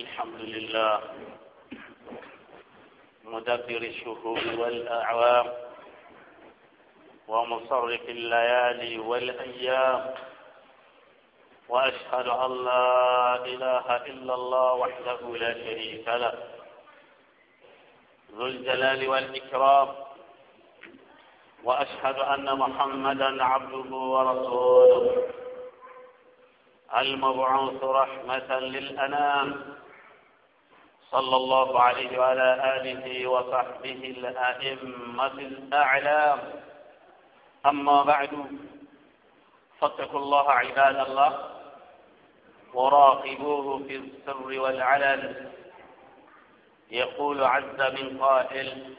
الحمد لله مدبر الشهور والأعوام ومصرف الليالي والأيام وأشهد أن لا إله إلا الله وحده لا شريك له ذو الجلال والإكرام وأشهد أن محمدا عبده ورسوله المبعوث رحمة للأنام صلى الله عليه وعلى آله وصحبه الأئمة الأعلام أما بعد فاتقوا الله عباد الله وراقبوه في السر والعلن يقول عز من قائل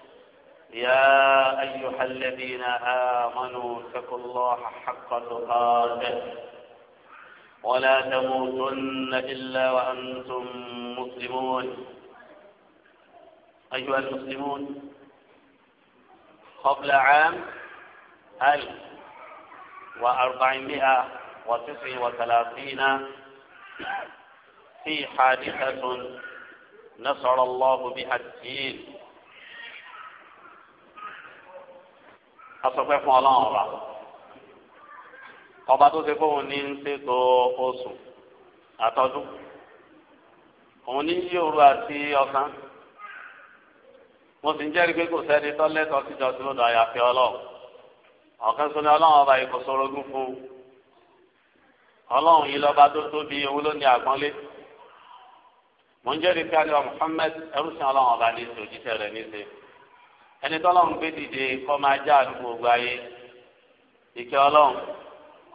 يا أيها الذين آمنوا اتقوا الله حق تقاته ولا تموتن إلا وأنتم مسلمون أيها المسلمون قبل عام ألف وأربعمائة وتسع وثلاثين في حادثة نصر الله بها الدين أصبح الله ọba tó ṣe fóun ní ń ṣètò oṣù mo sì ń jẹ́rìí pé kò sẹ́ni tọ́lẹ́tọ̀ síjọ sí lọ́dọ̀ àyàfi ọlọ́run ọ̀kan sọ ni ọlọ́run ọba yìí kò sorogún fún un ọlọ́run yìí lọ́ba tó tóbi òun ló ní àgbọ́nlé mo ń jẹ́rìí pé alẹ́ Muhammad ẹrúsìn ọlọ́run ọba ní ìṣe òjíṣẹ́ rẹ̀ ní ìṣe ẹni tọ́lọ́run gbé dìde kọ́ máa já àdúgbò gbogbo ayé ìkẹ́ ọlọ́run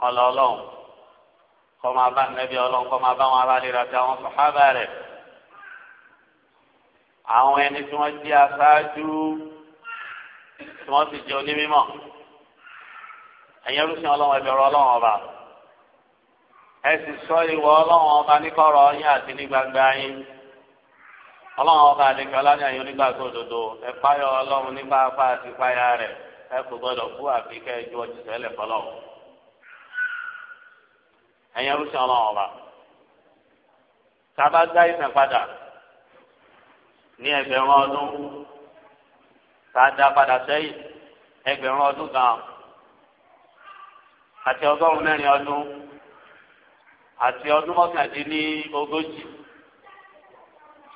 ọlọ́ ọlọ́run kọ́ máa bá nẹ́bí ọlọ́run kọ́ máa bá wọn aráàlú rẹ̀ àti àwọn sọ̀hábà rẹ̀ àwọn ẹni tí wọ́n jẹ́ aṣáájú tí wọ́n sì jẹ́ onímọ̀ ẹ̀yin ẹrúsìn ọlọ́run ẹ̀bẹ̀rù ọlọ́run ọba ẹ sì sọ ìwọ ọlọ́run ọba níkọ̀rọ̀ yín àti ní gbangba yín ọlọ́run ọba àdìgbà ọlá ní àyè onígbàgbọ́ òdodo ẹ páyọ ọlọ́run nípa apá àti páyà rẹ̀ ẹ kò gbọdọ̀ kú àfi kẹ́ ẹ ju ọjọ́ sẹ́lẹ̀ fọlọ́ ẹ̀yin ẹrúsìn ọlọ́run ọba ní ẹgbẹ̀rún ọdún sáadá padà sẹ́yìn ẹgbẹ̀rún ọdún kan àti ọgọ́rùn mẹ́rin ọdún àti ọdún mọ́kàndínní ogójì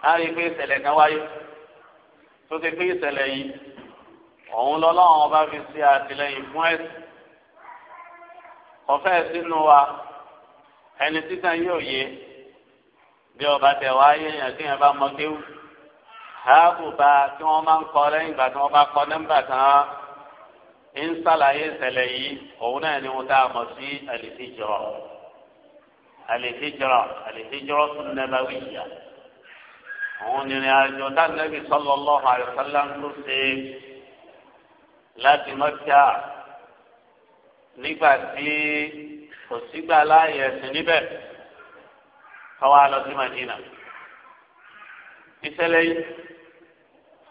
á pé ìṣẹ̀lẹ̀ kan wáyé tó ti pé ìṣẹ̀lẹ̀ yìí òun lọ́lọ́run ọba fi ṣe àtìlẹ́yìn fún ẹ̀sìn ọ̀fẹ́ sínú wa ẹni títàn yóò yé bí ọba tẹ̀ wáyé yẹn kí yẹn bá mọ kéwù haabuba tí wọ́n máa ń kọ lẹ́yìn ìgbà tí wọ́n bá kọ nọ́mbà tán ń sàlàyé ìṣẹ̀lẹ̀ yìí òun náà ni wọ́n tá a mọ̀ sí àlìfíjọ́ àlìfíjọ́ àlìfíjọ́ tún nàbàwíyà òun ni ìrìn àjò dánilẹ́bí sallallahu alaihi ń lò ṣe láti Mẹ́kà nígbà tí kò sígbà láàyè ẹ̀sìn níbẹ̀ káwá lọ sí Madina ìṣẹ̀lẹ̀ yìí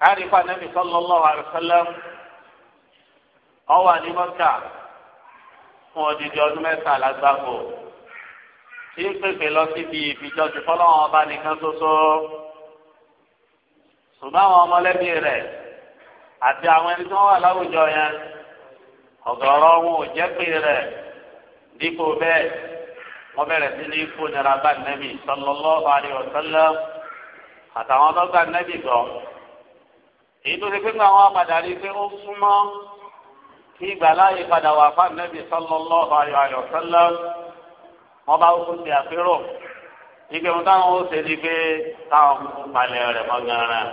àríkà nàbì sallallahu alaihi wasallam ọwọ́ àdìmọ́kà fún odidi ọdún mẹ́ta lágbàgbọ́ tí ń pèpè lọ síbi ìfijọ́sìn fọlọ́wọn ọba nìkan ṣoṣo ṣùgbọ́n àwọn ọmọlẹ́bí rẹ̀ àti àwọn ẹni tí wọ́n wà láwùjọ yẹn ọ̀gọ̀rọ̀ wọn ò jẹ́ pé rẹ̀ dípò bẹ́ẹ̀ wọ́n bẹ̀rẹ̀ sí ní kó nira bá nẹ́bì sallallahu alaihi wasallam àtàwọn tó gbà nẹ́bì gan-an èyí tó ṣe pé ní àwọn apàdàrí pé ó súnmọ́ kí ìgbàláyè padà wà fún ànábì sallallahu alaihi wa sallam wọn bá kú sí àpérò ìgbẹ́ wọn táwọn ó ṣe ni pé táwọn kú palẹ̀ rẹ̀ mọ́ gan-an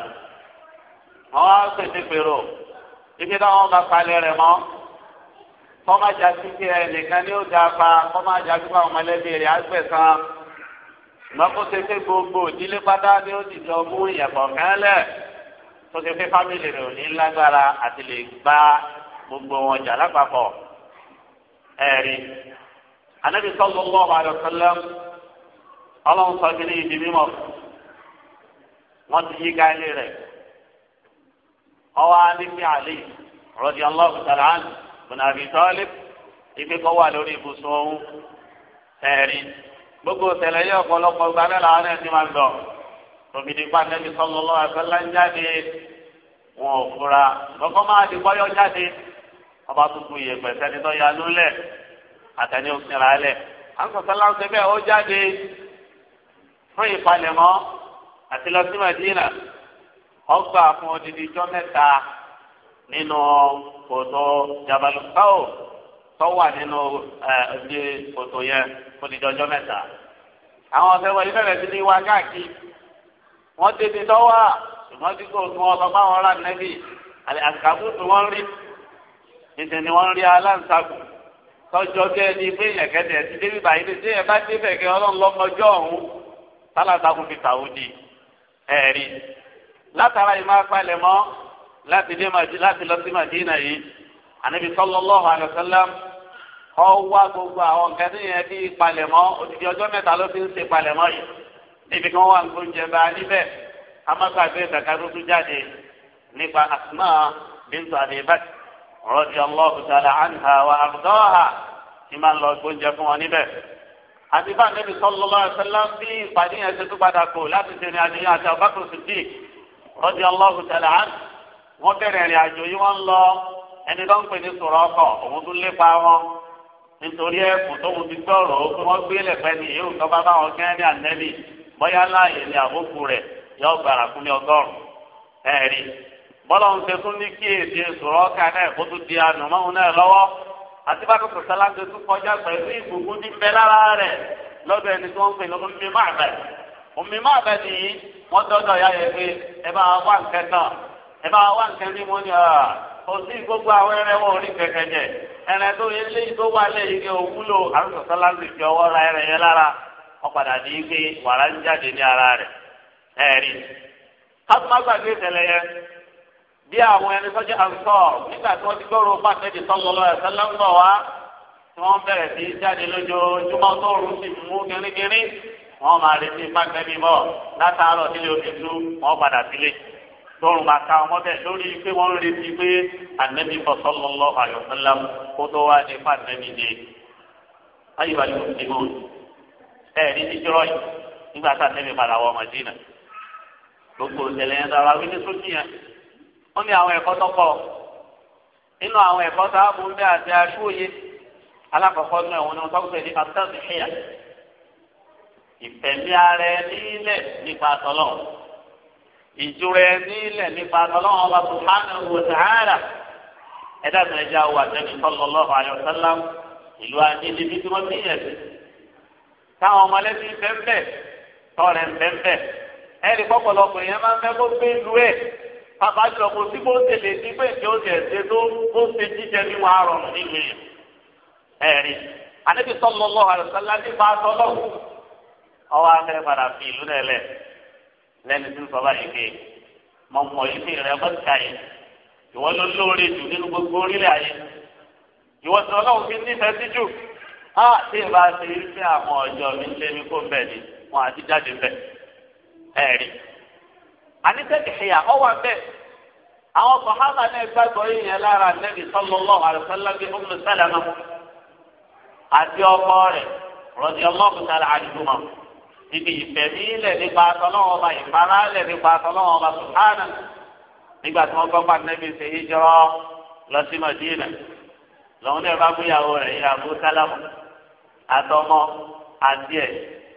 wọn á pèsè pèrò ìgbẹ́ táwọn bá palẹ̀ rẹ̀ mọ́ kọ́má jà sí pé ẹnìkan ní ó pa kọ́má jà sí mọ̀lẹ́bí rẹ̀ á gbẹ̀san ṣùgbọ́n kó ṣe gbogbo ìdílé pátá ni ó ti jọ mú ìyàpọ̀ kẹ́lẹ́ tó ṣe pé fámìlì rẹ̀ ò ní lágbára àti lè gba gbogbo wọn jà lápapọ̀ ẹ̀rí anabi sallallahu alaihi wasallam ọlọ́run sọ kí ní ibi mímọ́ wọ́n ti yí gáílé rẹ̀ ọwọ́ alífi àlè radiyallahu ta'ala anhu bin Abi ibi kọ́ wà lórí ibùsùn ẹ̀rí gbogbo tẹ̀lé yẹ ọ̀pọ̀lọpọ̀ gbalẹ́ làwọn ẹ̀ máa gbọ́ tóbi ní pàtẹ́bí sọ́lọ́lọ́ àgbẹ̀lá ń jáde wọn ò fura lọ́kọ́ máa di bọ́yọ̀ jáde ọba tuntun yẹ pẹ̀sẹ́ ní tọ́ya lólẹ̀ àtẹni òsínra lẹ̀ àǹkọ̀sọ́lá ń ṣe bẹ́ẹ̀ ó jáde fún ìpalẹ̀mọ́ àti lọ sí Màdínà ọgbà fún odidi ijọ́ mẹ́ta nínú kòtò jabalùkáwò tó wà nínú ẹbí kòtò yẹn fún ìdíjọ́ mẹ́ta àwọn ọ̀sẹ̀ wọ̀nyí bẹ̀rẹ̀ sí ní wá káàkiri wọ́n tètè tọ́wà ṣùgbọ́n tí kò tún wọn sọ fáwọn ọ̀rá nẹ́bí àkàbù tí wọ́n rí níṣẹ́ ni wọ́n rí aláǹsàkùn tọ́jọ́ bí ẹni pé èèyàn kẹ́tẹ̀ ti débi báyìí ní tí èèyàn bá débẹ̀ kí ọlọ́run lọ́mọjọ́ ọ̀hún tálàtàkùn fi tàwọn di ẹ̀rí látara yìí máa palẹ̀ mọ́ láti dé màdí láti lọ sí màdínà yìí ànábi sallallahu alaihi wasallam ọwọ́ gbogbo àwọn kẹ́tẹ́ yẹn bí palẹ̀ òtítí ọjọ́ mẹ́ta ló fi ń ṣe palẹ̀ yìí níbi kí wọ́n wà gbóúnjẹ bá a níbẹ̀ amaka àti ìdàkàdó tó jáde nípa asma bintu abibat rọdí allahu ta'ala anha wa abdọ́ha ti máa ń lọ gbóúnjẹ fún wọn níbẹ̀ àti bá níbi sallallahu alaihi wasallam bí ìpàdé yẹn ṣe tó padà kò láti ṣe ní àdéhùn àti abakar siddiq rọdí allahu ta'ala anha wọ́n bẹ̀rẹ̀ ìrìn àjò yìí wọ́n lọ ẹni tó ń pè ní sọ̀rọ̀ ọkọ̀ òun tún lépa wọn nítorí ẹ̀kú tóun ti gbọ́rọ̀ ó fún wọn gbé lẹ̀fẹ́ ni èyí tọ́ bọ́yá láàyè ni àkókò rẹ̀ yọ gbàrà fún mi ọgọ́rùn-ún ẹ̀rí bọ́lá ń ṣe tún ní kí èdè sọ̀rọ̀ ọ̀ka náà kó tún di ànàmọ́hún náà lọ́wọ́ àti bá kòkòrò sálá ṣe kọjá pẹ̀lú ìbùkún ní rẹ̀ lọ́dọ̀ ẹni tí wọ́n ń pè lọ́dún mi máa bẹ̀ omi máa ya yẹ pé ẹ bá náà ẹ bá ní mo ní ọ òsì gbogbo àwọn jẹ tó yẹ òwúlò wọ́n padà ní í pé wàrà ń jáde ní ara rẹ̀ ẹ̀rí. kásùmágbàgbé ìṣẹ̀lẹ̀ yẹn bí àwọn ẹni sọ́jà àǹsọ̀ nígbà tí wọ́n ti gbọ́rọ̀ pàtẹ́jì sọ́gbọ́lọ́ ẹ̀sẹ̀ lọ́gbọ̀ wá tí wọ́n bẹ̀rẹ̀ sí jáde lójoojúmọ́ tó rú sí mú gírígírí wọ́n máa retí pàtẹ́jì bọ̀ látàárọ̀ sílé oṣù tú wọ́n padà sílé lọ́rùn máa ka ọmọ bẹ́ẹ̀ lórí pé wọ́n retí pé ànẹ́bí sallallahu alaihi wasallam kó tó wá ní pàtẹ́jì dé. ayé wa ni mo ti ẹ̀rí níjọ́ yìí nígbà tá a nẹ́bí padà wọ Mádínà gbogbo ìṣẹ̀lẹ̀ yẹn dára wí ní ó ní àwọn ẹ̀kọ́ tó nínú àwọn ẹ̀kọ́ àti aṣóye alákọ̀ọ́kọ́ ni wọ́n táwọn ọmọlẹ́bí bẹ́ẹ̀ tọrẹ bẹ́ẹ̀ ẹ̀rí pọ̀pọ̀lọpọ̀ yẹn máa ń fẹ́ kó gbé lu ẹ̀ bàbá jùlọ kò sí kó tèlè sí pé ìjọ ti ẹ̀sẹ̀ tó kó ṣe jíjẹ ní wàá rọrùn nílùú yẹn ẹ̀rí àníbi sọ́mọ́mọ́ àlùsálá nípa tọ́lọ́wọ́ ọwọ́ afẹ́ padà fi ìlú náà lẹ̀ lẹ́ni tí ń sọ báyìí pé mọ̀mọ́ ìfẹ́ rẹ̀ bọ́ ìwọ ló lóore jù nínú gbogbo orílẹ̀ ayé ìwọ sọ ọlọ́run fi nífẹ̀ẹ́ sí jù ha tí n bá ṣe ife àwọn ọjọ́ mi ṣe mi kó bẹ́ẹ̀ ni wọn àti jáde bẹ́ẹ̀ ẹ̀rí. àníkẹ́kẹ́ ìyá ọ wà bẹ́ẹ̀ àwọn sọ̀hánà náà gbàgbọ́ yìnyẹn lára nẹ́bí àti rẹ̀ ibi ìfẹ̀mí lẹ̀ nípa ìfara lẹ̀ nípa sùhánà nígbà tí wọ́n gbọ́gbà nẹ́bí ṣe lọ sí Madina lọ́wọ́n náà bá àtọmọ àti ẹ̀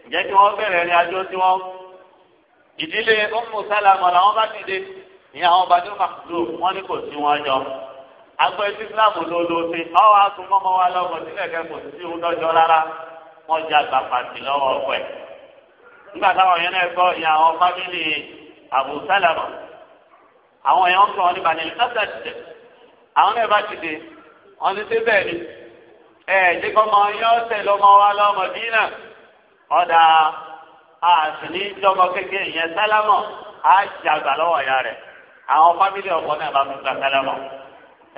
ǹjẹ́ kí wọ́n bẹ̀rẹ̀ ní adó tí wọ́n ìdílé ọmọ sálámọ làwọn bá dìde ní àwọn bàdó màkúrò wọn ní kò sí wọn jọ agbọ ẹtí sílámù lọlọsẹ ọwọ asùnmọmọ wa lọmọ sílẹ̀ kẹkọọ sí ohun tọjọ rárá wọn jẹ àgbà pàtì lọ́wọ́ ọkọ ẹ nígbà táwọn yẹn náà gbọ́ ìyá àwọn fámìlì Abu Salama àwọn yẹn ń sọ wọn nípa ní ẹsẹ àwọn náà bá ti wọn ti dé bẹ́ẹ̀ ni. ẹ̀ẹ́dẹ́gbọ́n mọ yọ ọ̀sẹ̀ ló mọ wa lọ́mọ dínà ọ̀dà àṣìní jọmọ kékeré yẹn sálámọ̀ á jàgbà lọ́wọ́ ìyá rẹ̀ àwọn fámìlì ọ̀pọ̀ náà bá tún gba sálámọ̀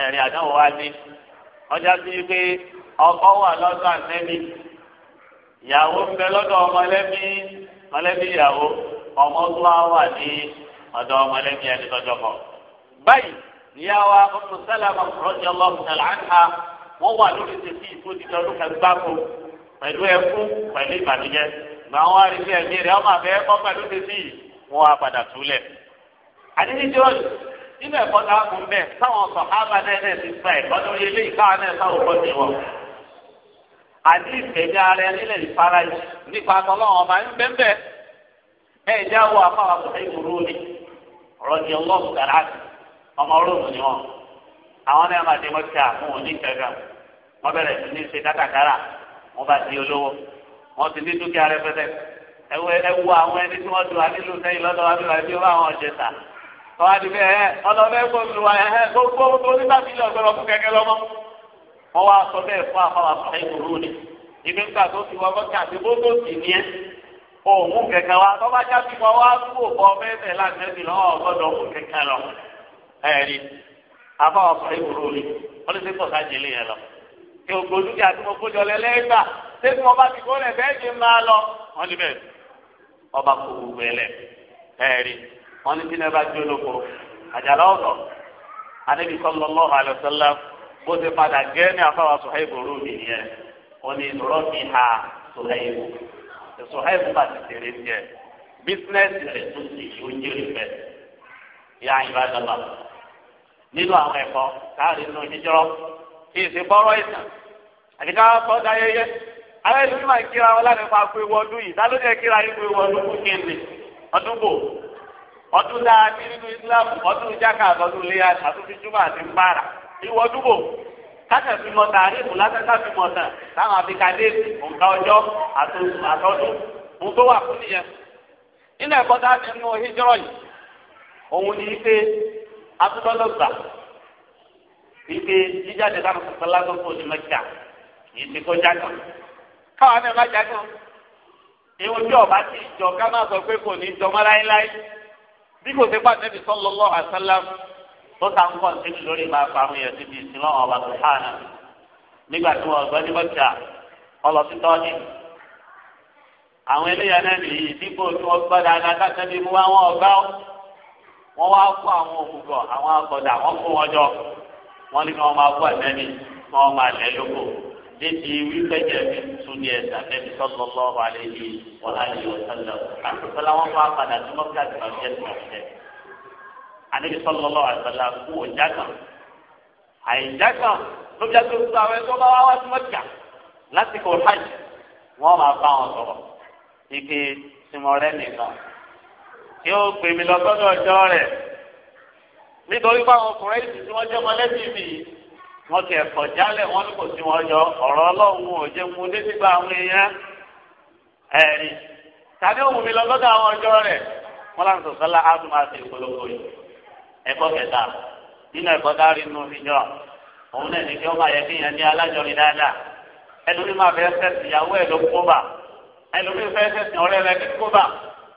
ẹ̀rìn àdánwò ní ọjà sí pé ọkọ wà lọ́dọ̀ àtẹ́bí ìyàwó ń bẹ lọ́dọ̀ ọmọlẹ́bí ọmọlẹ́bí ìyàwó ọmọ tó wá wà ní ọ̀dọ̀ ọmọlẹ́bí ẹni kan. báyìí ìyá wa Salama wọ́n wà lórí ìṣesí ìtòdìdì ọdún kan gbáko pẹ̀lú ẹkún pẹ̀lú ìbànújẹ́ gbà wọ́n rí bí ẹ̀mí rẹ̀ ọmọ àfẹ́ ẹ̀kọ́ pẹ̀lú ìṣesí wọn á padà túlẹ̀. àdínní jọ́ọ̀lù nínú ẹ̀kọ́ táwọn sọ náà ti gba ẹ̀kọ́ lórí ilé ìkáwọn náà táwọn kọ́ sí wọn. àdí ìfẹ̀mí ara ẹni lè farajì nípa tọ́lọ́wọ́n máa ń ni ọmọ ni wọn àwọn wọ́n bẹ̀rẹ̀ sí ní ṣe kátàkárà wọ́n bá di olówó wọ́n ti ní dúkìá rẹpẹtẹ ẹwẹ ẹwu àwọn ẹni tí wọ́n ti wà nílùú sẹ́yìn lọ́dọ̀ wa nílùú àti ọlọ́wọ́ àwọn ọ̀ṣẹ̀ta wọ́n á di bẹ́ẹ̀ ẹ ọlọ́mọ ẹgbẹ́ olùwà ẹ gbogbo onígbà mílíọ̀ gbọ́dọ̀ fún kẹ́kẹ́ lọ́mọ. wọ́n wá sọ bẹ́ẹ̀ fún àfọwọ́ àfọwọ́ ìgbòho ni ibi nígbà tó ti wọ́n kọ́kẹ́ àti gbogbo sì ní ẹ òun kẹ̀kẹ́ wa tọ́ já sí wọn wá kúrò fọ mẹ́fẹ̀ láti lọ́wọ́ gbọ́dọ̀ fún kẹ́kẹ́ lọ. ẹ̀rí àfọwọ́ àfọwọ́ ìgbòho ni wọ́n ti sẹ́kọ̀ọ́ sáà ní ògbó dúkìá tí mo kójọ lẹ́lẹ́gbà ṣé tí mo bá ti kó lẹ̀ máa lọ. wọ́n ní bẹ́ẹ̀ ọba kò gbogbo ẹlẹ̀ ẹ̀rí wọ́n ní tíná bá jó lóko àjàlá ọ̀dọ̀ anábì sallallahu alaihi wasallam bó ti padà gẹ́ ní wọ́n ní mi ha bá ti tiẹ̀ bísínẹ́sì rẹ̀ tó ti fẹ́ yá ìbádọ́lá nínú àwọn ẹ̀kọ́ káàrin nínú jíjọ́rọ́ kì í ṣe bọ́rọ̀ ìtàn àti ká sọ ọ́ dayẹyẹ ìlú máa kíra wọn láti pa pé wọ́ọ̀dún yìí tá ló kíra kú Islam ọdún jákà ọdún léyà àtúntí júmọ̀ àti mbàrà ìwọ́ọ̀dún bò káṣẹ̀ fi mọ̀ tààrí ìbò lásẹ̀ká fi mọ̀ tàn táwọn àfikàdé òǹkà ọjọ́ àtọ́dún òun wà fún Ike jíjáde láwọn sọ̀tọ̀ lágbókò ní mẹ́ta yìí ti kó jágàn. káwọn náà má ìwọ tí ọba ti jọ ká má sọ pé kò ní jọ mọ́ láéláé. bí kò sí tó ta ń kọ́ lórí máa fa àwọn èèyàn síbi ìsìn lọ́wọ́ ọba tó hàn án. nígbà tí gbọ́ ní ni. àwọn eléyàn náà nìyí dípò tí wọ́n bí wọ́n wọ́n ní kí wọ́n máa wọ ẹ̀mẹ́ni kí wọ́n máa lẹ̀ lóko débi wípé jẹ̀bi tún ní ẹ̀sà nẹ́bi sọ́tọ̀ lọ́wọ́ alẹ́ yìí wọ́n á yọ sọ́lọ̀ àtúntàlá wọn bá padà tí wọ́n ká tìmọ̀ jẹ́ tìmọ̀ jẹ́ ànẹ́bi sọ́tọ̀ lọ́wọ́ àtúntàlá kú òjá kan àìjá kan ló bí ẹgbẹ́ gbogbo àwọn ẹgbẹ́ bá wá wá tí wọ́n jà lásìkò hajj wọ́n máa bá wọn sọ̀rọ̀ ike tìmọ̀ rẹ nìkan tí gbèmí lọ sọ́dọ̀ ọjọ́ rẹ̀ nítorí báwọn ọkùnrin yìí tí wọ́n jẹ́ mọ́lẹ́bí mi wọ́n ti ẹ̀kọ́ jálẹ̀ wọ́n ní kò sí wọn yọ ọ̀rọ̀ ọlọ́run ò jẹ́ mu débi gba àwọn èèyàn ẹ̀rí tàbí òun mi lọ́gọ́dọ̀ àwọn ọjọ́ rẹ̀ wọ́n láti sọ̀tọ́ la á tún máa yìí ẹ̀kọ́ kẹta nínú ẹ̀kọ́ dárí nù fíjọ́ òun náà ní kí wọ́n máa yẹ kí yẹn ní alájọrin dáadáa ẹlòmíì máa fẹ́ sẹ́sì ìyàwó ẹ̀ ló kó bà ẹlòmíì fẹ́ sẹ́sì ọ̀rẹ́ rẹ̀ kó bà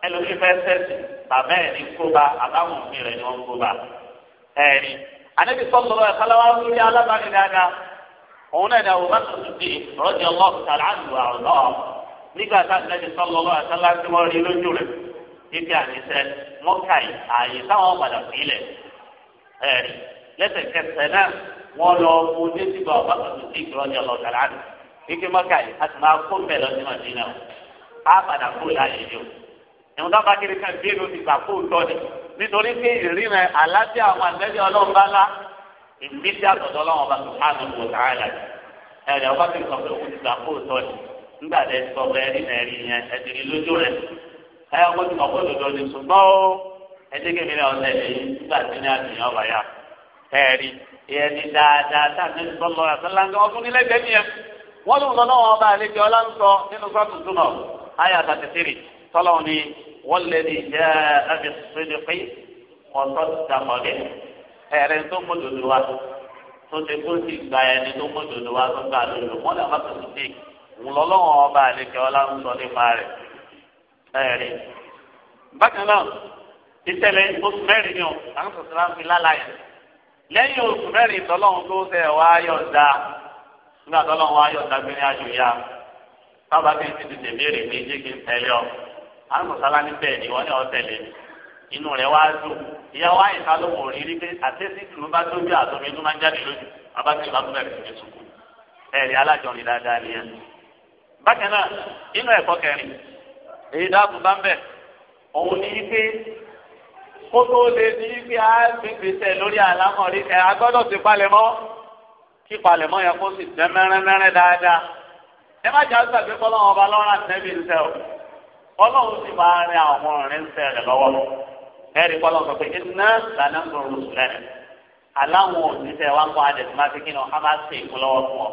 ẹlòmíì fẹ́ sẹ́sì ẹ̀rí anabi sọ́kọ̀ lọ́wọ́ ẹ̀kọ́lọ́wọ́ wíwí alábàáni dáadáa òun náà ni àwọn bá tó ti rọ́jì ọlọ́ọ̀kú àwọn náà nígbà tá anabi sọ́kọ̀ lọ́wọ́ ẹ̀kọ́lọ́wọ́ tí wọ́n rí lójú rẹ̀ àníṣe yìí ààyè táwọn padà náà lọ mú àdùn yìí a ti máa kó lọ sí padà kó láàyè kan bí ti gbà kó tọ́ ni. nítorí pé ìrìnà àlàáfíà àwọn àgbẹ̀bí ọlọ́run bá lá ìgbésí àtọ̀dọ̀ ọlọ́run ọba sùhánù kò sàárà ẹ̀rẹ̀ ọba fi sọ pé òun ti gbà kó tọ́ ni nígbà tẹ sọ pé ẹ̀rí náà rí yẹn lójú rẹ̀ ẹ̀ ti kọ̀ pé òdodo ni ṣùgbọ́n ó ẹ̀dí kékeré ọ̀sẹ̀ yìí nígbà tí ní àtìyàn ọba yà ẹni dáadáa والذي جاء بالصدق وصدق به ẹrẹ tó mú dodo wa tó ti kó ti gba ẹni tó mú dodo wa tó gba dodo wọn lè má tó ti dé ńlọlọ́wọ́n ọba àlekẹ́ ọlá ń sọ nípa rẹ̀ ẹ̀rí. bákan náà ìṣẹ̀lẹ̀ oṣù mẹ́rin ni ọ àwọn sọ̀tún láti fi lálàyé lẹ́yìn oṣù mẹ́rin tọ́lọ́hún tó ṣe wá yọ̀ǹda nígbà tọ́lọ́hún wá alùpùpù níbẹ̀ ni wọ́n ní ọ̀tẹ̀lẹ̀ inú rẹ̀ wá dùn ìyàwó àyíká ló wò rí rí pé àtẹ́sí tùrú bá tó bí àtọ́mi inú máa ń jáde lójú bàbá tí ìbá tún bẹ̀rẹ̀ sí ní sùkú ẹ̀rí alájọrin dáadáa ni ẹ̀. bákan náà inú ẹ̀kọ́ kẹrin èyí dáàbò bá ń bẹ̀ òun ní pé kó tó lè ní pé a gbèsè tẹ̀ lórí àlámọ̀rí ẹ̀ agbọ́dọ̀ ti palẹ̀mọ́ kí palẹ̀mọ́ yẹn kó sì tẹ́ mẹ́rẹ́mẹ́rẹ́ dáadáa ẹ má jà ọlọ́run sì máa rin àwọn ọ̀rẹ́ ń sẹ̀rẹ̀ lọ́wọ́ ẹ̀rí kọ́ lọ́sọ̀ pé iná lànà ń lòrò sùlẹ̀ aláwọn òṣìṣẹ́ wa ń kọ́ adẹ̀ tí máa fi kíni ọ̀hán máa ṣe ìkú lọ́wọ́ fún ọ.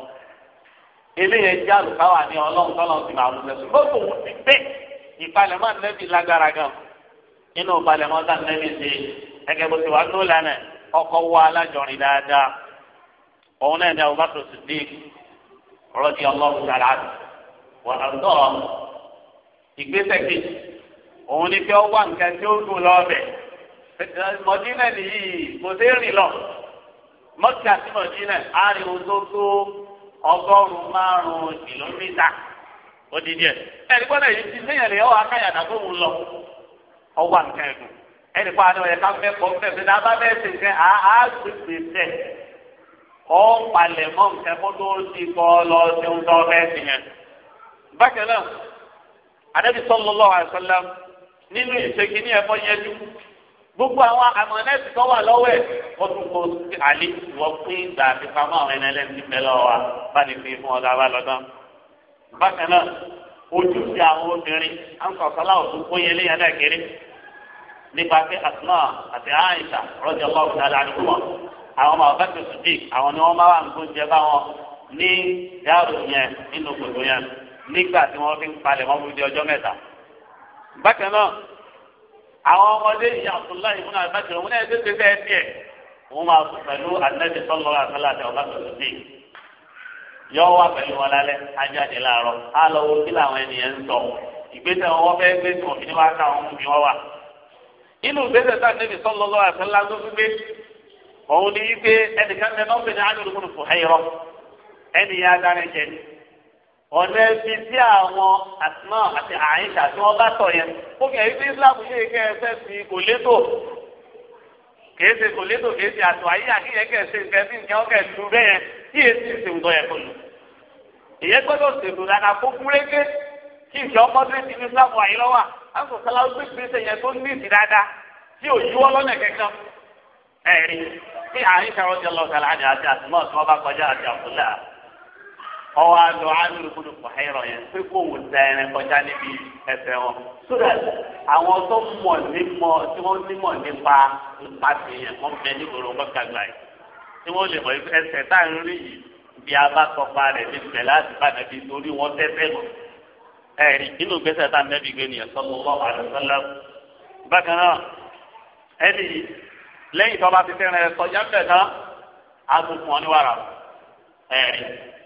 eléyẹn já lùkáwà ní ọlọ́run tọ́lọ́run sì máa wù sẹ́sùn lóṣù òun ti gbé ìpalẹ̀mọ́ nẹ́bí lágbára gan nínú ìpalẹ̀mọ́ tá ṣe ẹgẹ́ bó ti wà ló lánàá ọkọ̀ wọ alájọrin dáadáa òun náà ní Abubakar Siddiq rọ́ọ̀dì ọlọ́run sàrà wà á dọ̀rọ̀ ìgbésẹ̀ kejì òun ni pé ó wà nǹkan tí ó dùn lọ́ọ̀bẹ̀ mọ̀dínà nìyí kò sí rìn lọ mọ́kà sí mọ̀dínà ariwo tó tó ọgọ́rùn-ún márùn-ún kìlómítà ó di díẹ̀ ẹ̀rí gbọ́dọ̀ yìí ti sẹ́yìn rẹ̀ ọ́ akáyàdá tó wù lọ ọ wà nǹkan ẹ̀dùn ẹnì kan àná ẹ̀ka mẹ́kọ̀ọ́ mẹ́fẹ́ náà bá bẹ́ẹ̀ ṣe nǹkan àá gbèsè tẹ̀ ọ́ palẹ̀ mọ́ nǹkan kó tó ti kọ́ lọ sí ń tọ́ bẹ́ẹ̀ sì yẹn bákan náà anabi sallallahu alaihi wasallam nínú ìṣègì ní ẹ̀fọ́ yẹn dùn gbogbo àwọn àmọ̀nẹ́sì tó wà lọ́wọ́ ẹ̀ wọ́n tún kó àlè wọ́n pín ìgbà àti pamọ́ àwọn ẹni ẹlẹ́ni bẹ́ẹ̀ lọ́wọ́ wa bá ní fi fún ọ̀dà bá lọ́dán. bákan náà ojú ti àwọn obìnrin àǹkọ̀sọ́lá òtún kó yẹlé yẹn náà kéré nípa pé Asma àti Aisha rọ́jà ọlọ́run dáadáa àdúgbò wọn àwọn ọmọ ọ̀gá tó sùdí àwọn ni wọ́n máa wà ń gbóúnjẹ báwọn ní yàrá yẹn nínú gbogbo yẹn. nígbà tí wọ́n fi ń palẹ̀ wọ́n fún di ọjọ́ mẹ́ta. bákan náà àwọn ọmọdé yìí Abdullahi ibùnà àbájọ òun náà tètè fẹ́ tiẹ̀ òun máa sùn pẹ̀lú anabi sọlọ àtàlà àti ọba tuntun bíi yọ wá pẹ̀lú wọn lálẹ́ ajáde láàárọ̀ á lọ wo kí làwọn ń sọ ìgbésẹ̀ wọn gbé wá ká wọ́n wà. inú ìgbésẹ̀ tá anabi sọlọ lọ àtàlà tó fi gbé òun ọ̀nà ẹbí sí àwọn àtìmọ́ àti àyíṣà tí wọ́n bá sọ yẹn ó kẹ́ ẹ́ pé Islam ṣe kẹ́ ẹ fẹ́ fi kò létò kìí ṣe kò létò kìí ṣe àtọ̀ ayé àkíyẹ kẹ́ ẹ ṣe nǹkan bí nǹkan ọkẹ́ lu bẹ́ẹ̀ kí èyí sì ṣe nǹkan yẹn kò lù ìyẹn gbọ́dọ̀ ṣètò dáadáa kó kúrégé kí nǹkan ọmọdé ti ní Islam wà yìí lọ́wọ́ àwọn sọ̀tàlá gbé gbèsè yẹn tó ní ìdí dáadáa tí ò yíwọ́ lọ́nà kankan ẹ̀rí kí àyíṣà ọ̀jọ̀ lọ́ọ̀tà láàrin àti àtìmọ́ ọ̀tún ọba kọjá àti àbúlà ọwọ́ àlọ́ àlọ́ ìkúdù pàhẹ́rọ̀ yẹn pé kò wò da ẹran kọjá níbi ẹsẹ̀ wọn. sódà àwọn tó mọ̀ nímọ̀ tí wọ́n nímọ̀ nípa ìpàdé yẹn wọ́n bẹ nígboro mọ́kàgbà yìí tí wọ́n lè mọ̀ ẹsẹ̀ tá à ń rí yìí bí a bá tọpa rẹ̀ níbẹ̀ láti bá nàbí torí wọn tẹ́tẹ́ mọ̀. ẹ̀rí nínú gbèsè tá nàbí gbé nìyẹn sọ́mọ́ wọn àlùfẹ́lá. bákan náà ẹni lẹ́yìn tó bá ti fẹ́ràn ẹ̀ sọ́jà bẹ̀ náà á ọ ní wàrà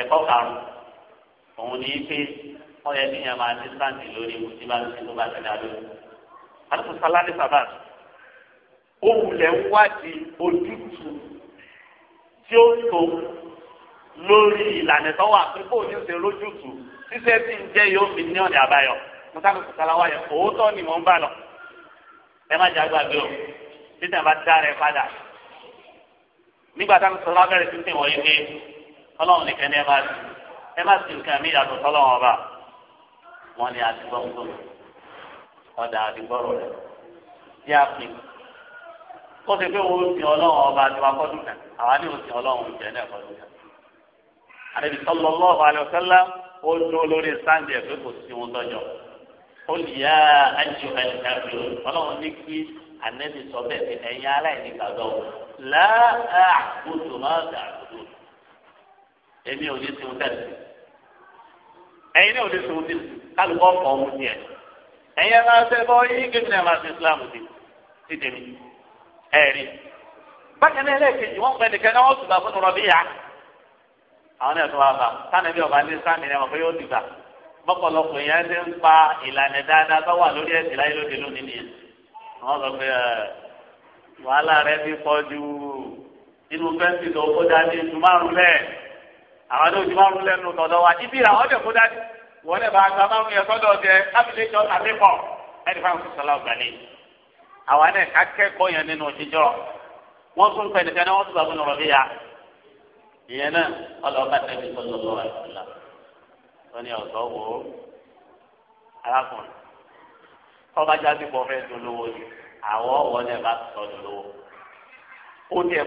ẹ̀kọ́ karùn òun ní pé wọ́n yẹ kíyàn máa ní sáǹtì lórí ohun tí bá ń sin tó bá tẹ̀lé abẹ́ àtúntò sálárì sábàt ohun lẹ̀ ń wádìí ojútùú tí ó tó lórí ìlànà tó wà pé kó o ní ṣe lójútùú ṣíṣe tí ń jẹ́ yóò fi ní ọ̀nà àbáyọ mọ́tàkì sàláwá yẹn òótọ́ ni mò ń bà lọ ẹ má jà gbàgbé o títẹ̀ bá dá rẹ padà nígbà táwọn sọlá bẹ̀rẹ̀ sí ti wọ̀nyí pé ọlọ́run nìkan ní ẹ máa sìn ẹ máa sìn nǹkan mi yàtọ̀ sọlọ́run ọba wọn ni àdìgbọ́ngbọ́n ọ̀dà àdìgbọ́rọ̀ rẹ̀ bí a pin kó ṣe pé wo sin ọlọ́run ọba àti wakọ́dún kan àwa ní òsìn ọlọ́run jẹ́ náà kọ́dún kan àdèbí sallallahu alaihi wasallam ó dúró lórí sáǹdì ẹ̀ pé kò sí wọn tọ́jọ́ ó lè yá àjò àjò ọlọ́run ní kí èmi ò ní sinmi tẹ̀sí ẹ̀yin náà ò ní sinmi tẹ̀sí kálukọ́ ọ̀pọ̀ ọ̀hún ni ẹ̀ ẹ̀yin ẹ̀ máa ṣe bọ́ yín kí ni ẹ̀ máa ṣe Islam ti ti tèmi ẹ̀rí bákan náà ẹlẹ́ẹ̀kejì wọ́n pẹ́ nìkan náà wọ́n tùbà fún rọ̀bì yá àwọn ẹ̀ tó wá bá sani bí ọba ní sani ẹ̀ mọ̀ pé yóò dìgbà bọ́pọ̀lọpọ̀ yẹn ti ń pa ìlànà àwọn tó ti márùn lẹ́nu tọ̀dọ̀ wa níbí làwọn ọdẹ kó dájú wọn lè bá gba márùn yẹn sọ́dọ̀ ọdẹ ábílẹ̀ jọ àbíkọ̀ ẹni fáwọn sọ̀sọ̀lá ọ̀gbàlẹ̀ àwọn ẹni kakẹ́kọ̀ọ́ yẹn nínú òṣìṣọ́ wọn tún pẹ̀ nìkan náà wọn tún bàbá nọ̀rọ̀ bí ya ìyẹn náà ọlọ́ọ̀bá tẹ̀lé sọ́dọ̀ lọ́wọ́ àìsílá wọn ni ọ̀sọ́ wò ó arákùnrin tọ́ba jáde bọ́ fẹ́ dolówó ni àwọn ọ̀wọ́ náà bá sọ̀dọ̀ lówó ó ní ẹ̀